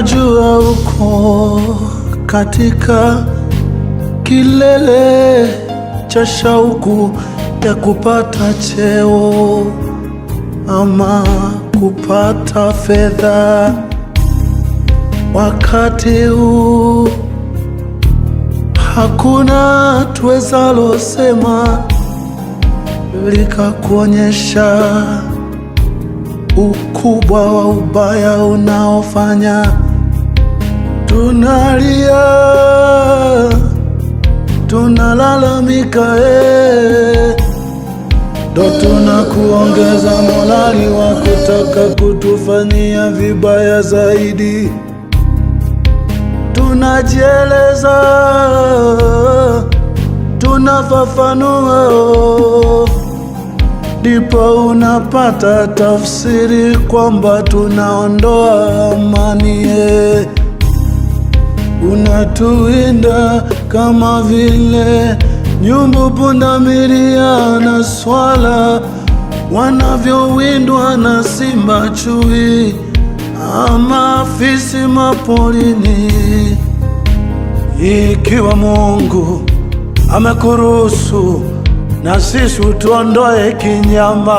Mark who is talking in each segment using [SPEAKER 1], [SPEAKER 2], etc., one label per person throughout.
[SPEAKER 1] najua uko katika kilele cha shauku ya kupata cheo ama kupata fedha. Wakati huu hakuna tuwezalo sema likakuonyesha ukubwa wa ubaya unaofanya tunalia, tunalalamika eh, ndo tunakuongeza morali wa kutaka kutufanyia vibaya zaidi. Tunajieleza, tunafafanua oh. ndipo unapata tafsiri kwamba tunaondoa amani. Eh unatuwinda kama vile nyumbu, pundamilia na swala wanavyowindwa na simba chui ama fisi maporini. Ikiwa Mungu amekuruhusu na sisi tuondoe kinyama,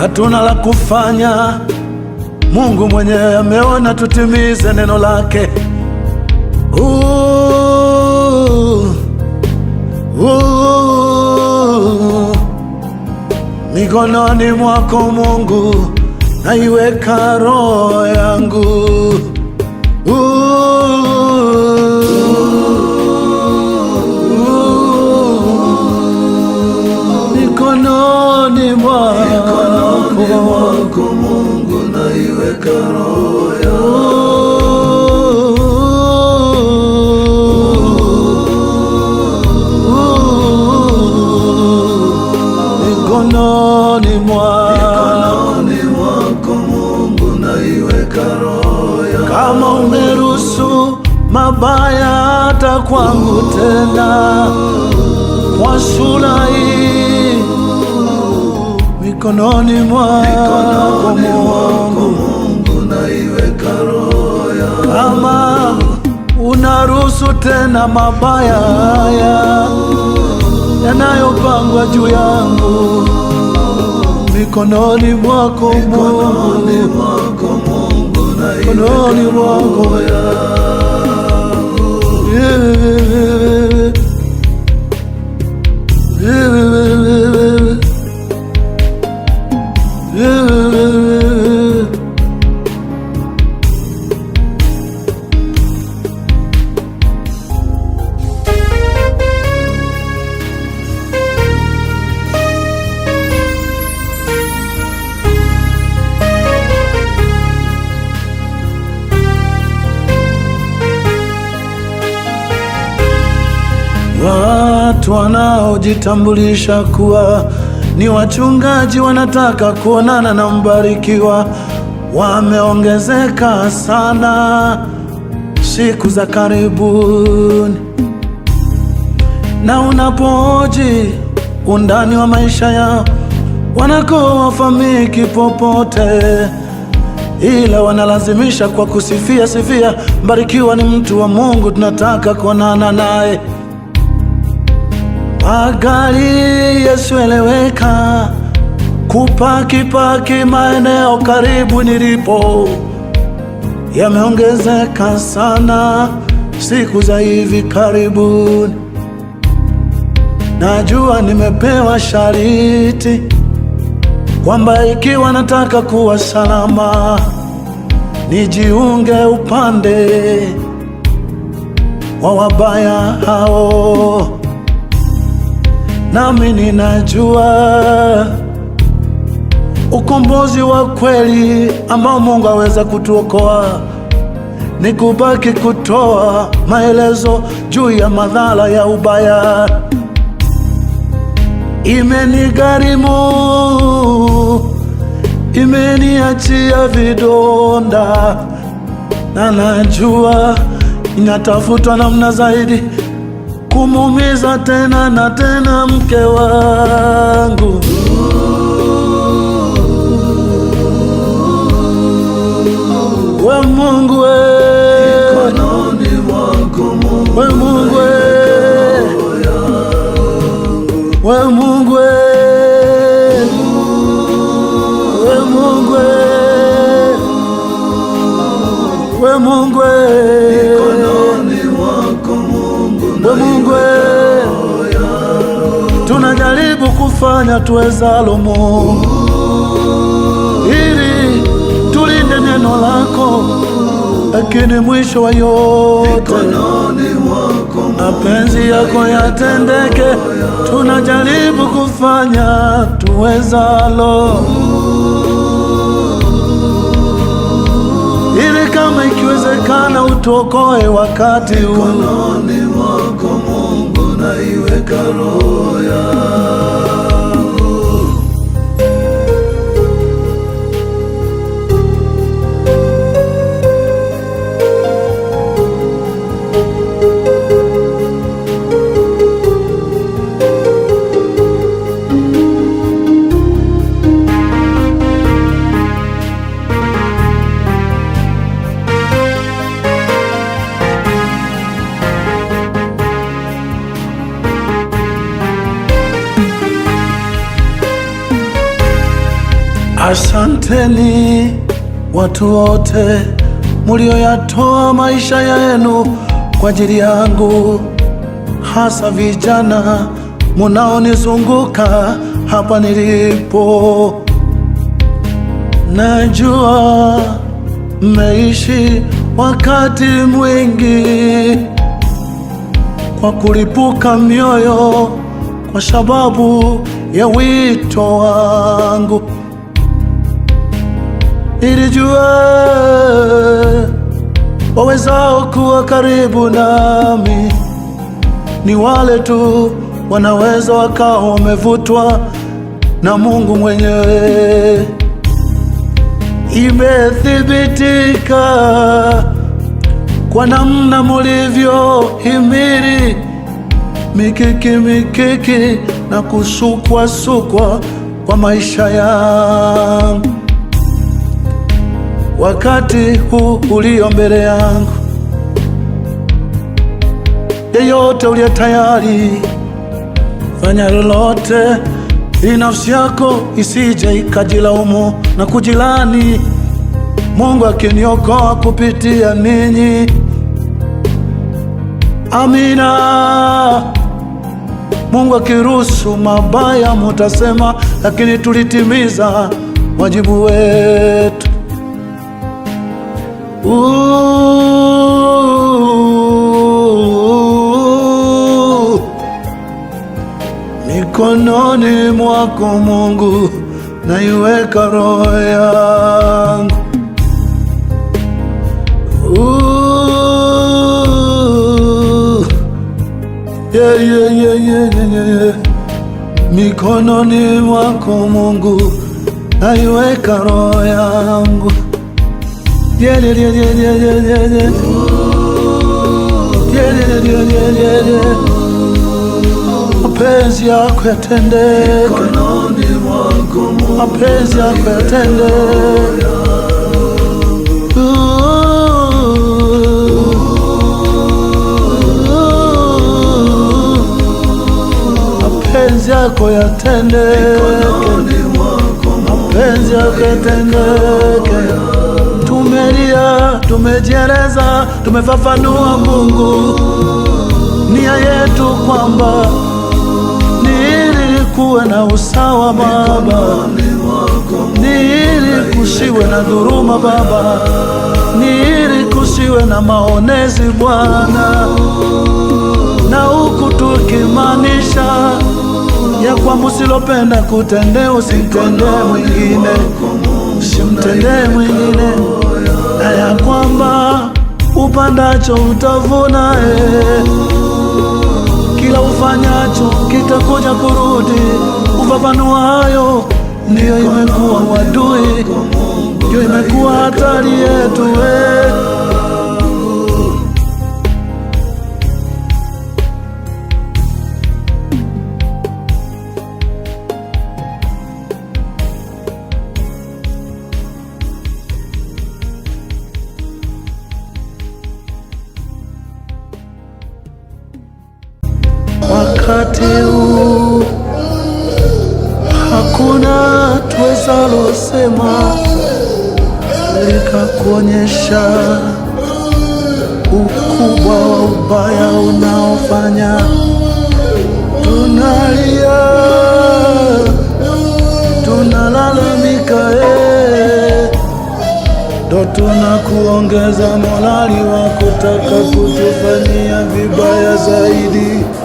[SPEAKER 1] hatuna la kufanya. Mungu mwenyewe ameona tutimize neno lake. mikononi mwako Mungu naiweka roho yangu. Mikononi mwako
[SPEAKER 2] Mungu iweka roho
[SPEAKER 1] mikononi mwako
[SPEAKER 2] Mungu, na iweka roho
[SPEAKER 1] kama umeruhusu mabaya hata kwangu tena kwa mikononi mwako
[SPEAKER 2] Mungu, naiweka roho yangu.
[SPEAKER 1] Kama unaruhusu tena mabaya haya yanayopangwa juu yangu mikononi mwako Mungu,
[SPEAKER 2] mikononi mwako yeah.
[SPEAKER 1] yeah. wanaojitambulisha kuwa ni wachungaji wanataka kuonana na mbarikiwa wameongezeka sana siku za karibuni. Na unapoji undani wa maisha yao, wafamiki popote, ila wanalazimisha kwa kusifia sifia. Mbarikiwa ni mtu wa Mungu, tunataka kuonana naye magari yasiyoeleweka, kupakipaki maeneo karibu nilipo yameongezeka sana siku za hivi karibuni. Najua nimepewa shariti kwamba ikiwa nataka kuwa salama nijiunge upande wa wabaya hao nami ninajua ukombozi wa kweli ambao Mungu aweza kutuokoa ni kubaki kutoa maelezo juu ya madhara ya ubaya. Imenigharimu, imeniachia vidonda, na najua inatafutwa namna zaidi kumumiza tena na tena mke wangu we Mungu we,
[SPEAKER 2] we Mungu we,
[SPEAKER 1] we Mungu we, we Mungu we, we Mungu we tunajaribu kufanya tuwezalo, Mungu, ili tulinde neno lako, lakini mwisho wa yote mapenzi yako yatendeke. Tunajaribu kufanya tuwezalo, ili kama ikiwezekana utuokoe wakati huu
[SPEAKER 2] iwe kaloya
[SPEAKER 1] Asanteni watu wote mulioyatoa maisha yenu kwa ajili yangu, hasa vijana munaonizunguka hapa nilipo. Najua mmeishi wakati mwingi kwa kulipuka mioyo kwa sababu ya wito wangu ilijua wawezao kuwa karibu nami ni wale tu wanaweza wakawa wamevutwa na Mungu mwenyewe. Imethibitika kwa namna mulivyohimili mikiki mikiki na kusukwasukwa kwa maisha yangu wakati huu ulio mbele yangu. Yeyote uliye tayari, fanya lolote ili nafsi yako isije ikajilaumu na kujilani. Mungu akiniokoa kupitia ninyi, amina. Mungu akiruhusu mabaya, mutasema, lakini tulitimiza wajibu wetu mikononi mwako Mungu, naiweka roho yangu yeah, yeah, yeah, yeah, yeah, yeah. Mikononi mwako Mungu, naiweka roho yangu mapenzi yako yatendeke, mapenzi yako yatendeke mapenzi yako yatendeke, mapenzi yako yatendeke tumelia, tumejieleza, tumefafanua Mungu nia yetu kwamba ni ili kuwe na usawa Baba, ni ili kusiwe na dhuruma Baba, ni ili kusiwe na maonezi Bwana, na huku tukimaanisha ya kwa msilopenda kutendea
[SPEAKER 2] usitendee mwingine,
[SPEAKER 1] usimtendee mwingine na ya kwamba upandacho utavuna, eh. Kila ufanyacho kitakuja kurudi, ufafanuayo ndiyo imekuwa wadui, ndiyo imekuwa hatari yetu eh. kuonyesha ukubwa wa ubaya unaofanya. Tunalia, tunalalamika, eh, ndo tunakuongeza morali wa kutaka kutufanyia vibaya zaidi.